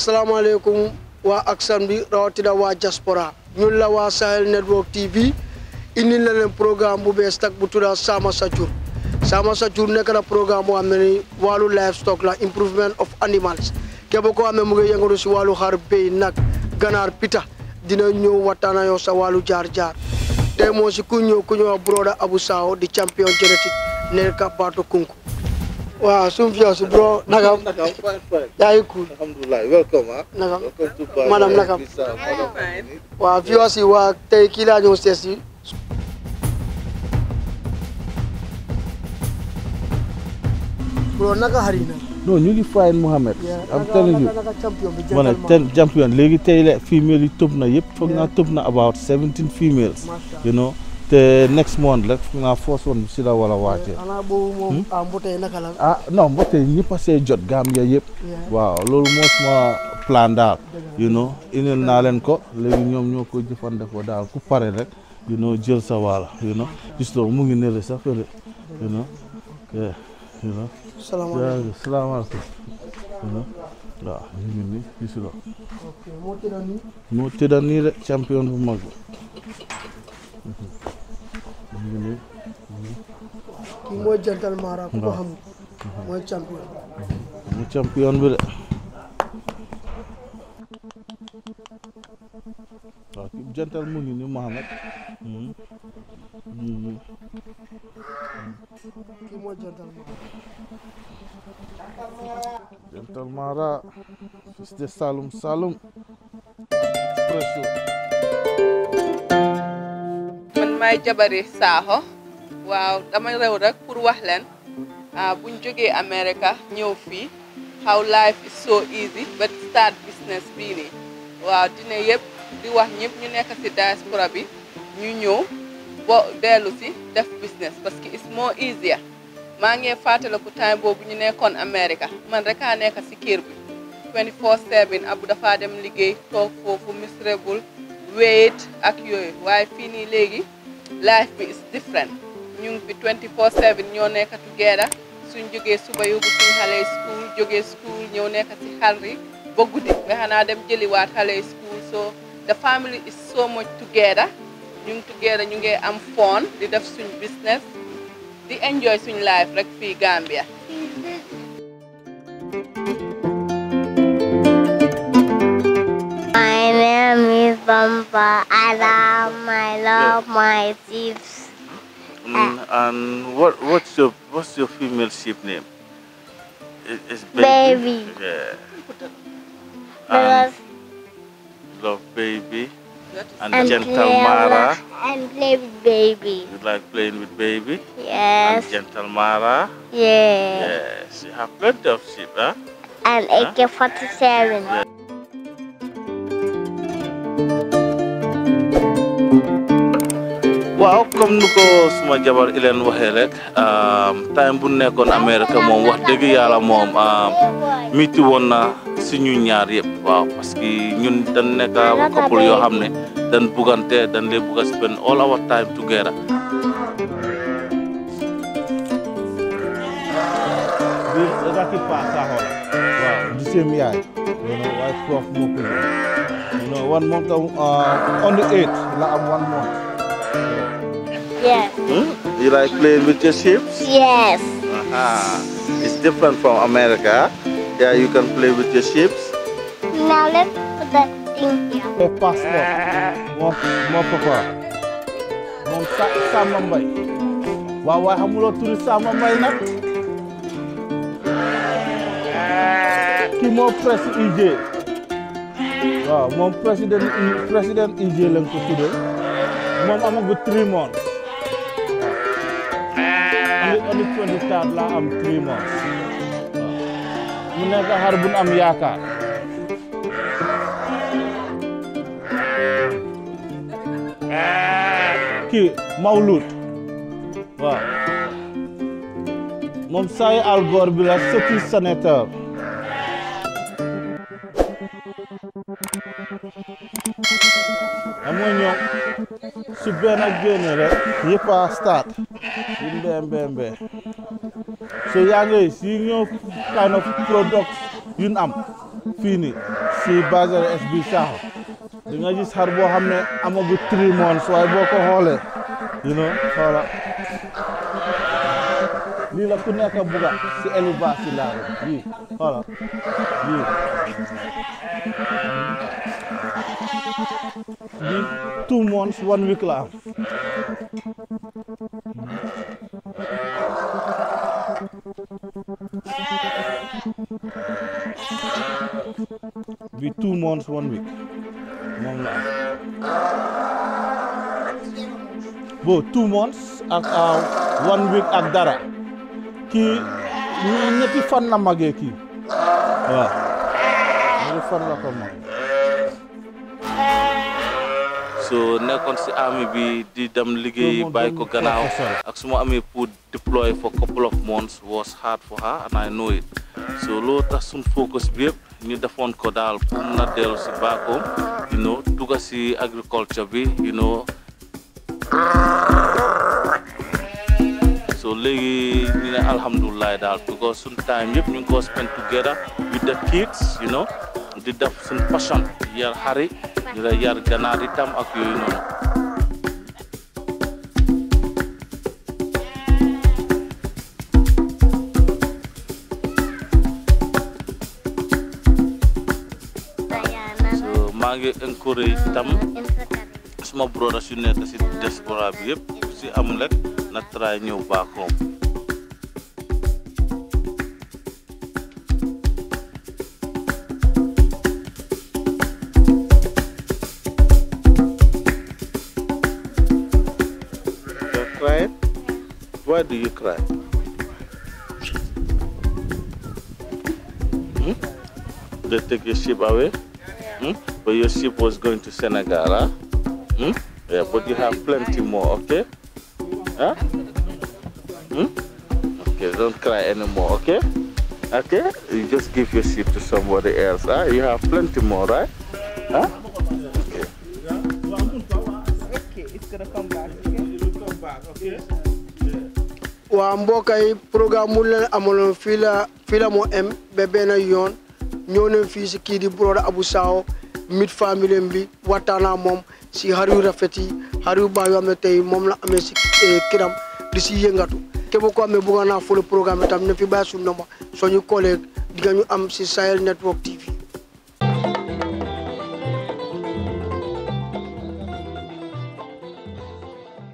asalaamaaleykum wa aksan bi da wa diaspora ñun la wa Sahel Network TV indi na leen programme bu bes tak bu tudda Sama Sa Sama Sa nek nekk na programme boo ni livestock la improvement of animals ke bu ko ne mu ngi yengu ci walu xar bey nak ganar pita dina ñew watana yo sa walu jar jar tey moo ku ñew ku ñew broda Abu Saho di champion génétique ka Bato Kunku waaw suñu fiance bro nakam yaa ngi cool alhamdulilah welcome ah nakam madame nakam waaw fiance waa tey kii laa ñëw sees yi bro naka xarit na non ñu ngi fine Mohamed am telling you ma ne ten champion léegi tey la female top. tëb na yëpp foog naa top, na about seventeen females you know the next month la na first one si la war a waatee. moom hmm? ah mbotee naka la. ah non mbotee ñëpp a see jot Gambia yépp waaw loolu moo suma plan daal. you know indil naa leen ko léegi ñoom ñoo ko jëfandikoo daal ku pare rek you know jël sa waala you know gis loolu mu ngi nële sax fële you know yeah you know. salaamaaleykum waaw ñu ngi nii gis nga. moo tëdda nii. moo champion bu mag bi. -hmm. कि hmm. म general मारा को champion म champion म champion बिल takip jantal mu ngi ni mohammed ki mo mara jantal salum salum presso may jabari saaxo waaw dama rew rek pour wax leen ah, buñ jógee America ñëw fii how life is so easy but start business bii nii waaw dina yëpp di wax ñëpp ñu nekk si diaspora bi ñu ñëw bo dellu si def business parce que it's more easier maa ngi ku time boobu ñu nekkoon America man rek a nekk si kër bi 24/7 abu dafa dem liggéey toog foofu miserable wéet ak yooyu waaye fii nii léegi life bi is different ñu ngi fi 24/7 ñoo nekk together suñ jógee suba yóbbu suñ xale yi school jógee school ñëw nekk ci xalri ba guddi nga xanaa dem jëliwaat xale yi school so the family is so much together ñu ngi together ñu ngi am fun di def suñ business di enjoy suñ life rek fii Gambia. I love my love my sheeps. Mm, and what what's your what's your female sheep name? It, it's baby. baby. Yeah. and love baby and, and gentle Mara. And play with baby. You like playing with baby? Yes. And gentle Mara? Yes. Yes. You have plenty of sheep, huh? And AK-47. waaw comme nu ko suma jabar ileen waxee rek time bu nekkoon Amerika moom wax dëgg yàlla moom miti woon na suñu ñaar yëpp waaw parce que ñun dañ nekk couple yoo xam ne dañ buggante dañ lay bugg spend all our time together Wow, one month, uh, on the like one month. Yes. Hmm? You like playing with your ships? Yes. -huh. It's different from America. Yeah, you can play with your ships. Now let's put that thing here. Oh, passport, more more apa? More sama mai. Bawa hamulo tu sama mai nak. Kimo press IJ. E Wah, mau presiden presiden IJ e lengkap tu moom amagul trimon andi andi twenty tat la am trimon mu nekk xar bu am yaakaar eh. ki maulud waaw mom saa yu algoor bi la sëti Si benn ak génn rek start yi mbee mbee so yaa si ñoo kind of products, yu am fini si Bazare SB Shah. di nga gis xar boo xam three months waaye boo ko hole, you know xoola lii la ku nekk buga si élevage si laa lii two months one week lah be two months one week moom lah. bo two months atau uh, one week ak dara ni ñetti fan nama magee ki. Wah. ñetti fan lah ko so nekkoon si army bi di dem liggéey bàyyi ko gannaaw ak su ma amee pour deploy for couple of months was hard for her and I so loolu tax suñ focus bi yëpp ñu defoon ko daal pour mun a dellu si baakoom you know dugga si agriculture bi you know so léegi ñu ne alhamdulilah daal because suñ time yëpp ñu ngi ko spend together with the kids you know di def suñ passion yar xari ñu lay yar ganaar itam ak yooyu noonu maa ngi encourage tam suma brodas yu nekk si diaspora bi yëpp ci amulek na try ñew ba home Why do you cry? Hmm? They take your ship away? Hmm? But your ship was going to Senegal, huh? Hmm? Yeah, but you have plenty more, okay? Huh? Hmm? Okay, don't cry anymore, okay? Okay? You just give your ship to somebody else, huh? You have plenty more, right? Huh? Okay. Okay, it's gonna come back, okay? It will come back, okay? waa mbokk yi programme mu leen amaloon fii la fii la moo am ba benn yoon ñoo leen fii si kii di abu Abou Saho mit famille bi waxtaanaa moom si xar yu rafet yi xar yu baax yoo ne tey moom la amee si eh, kiram di si yëngatu képp koo xam ne bëgg naa fóolu programme bi tam ne fi bàyyi suñu nomba soo ñu koolee di ñu am si Sahel Network tii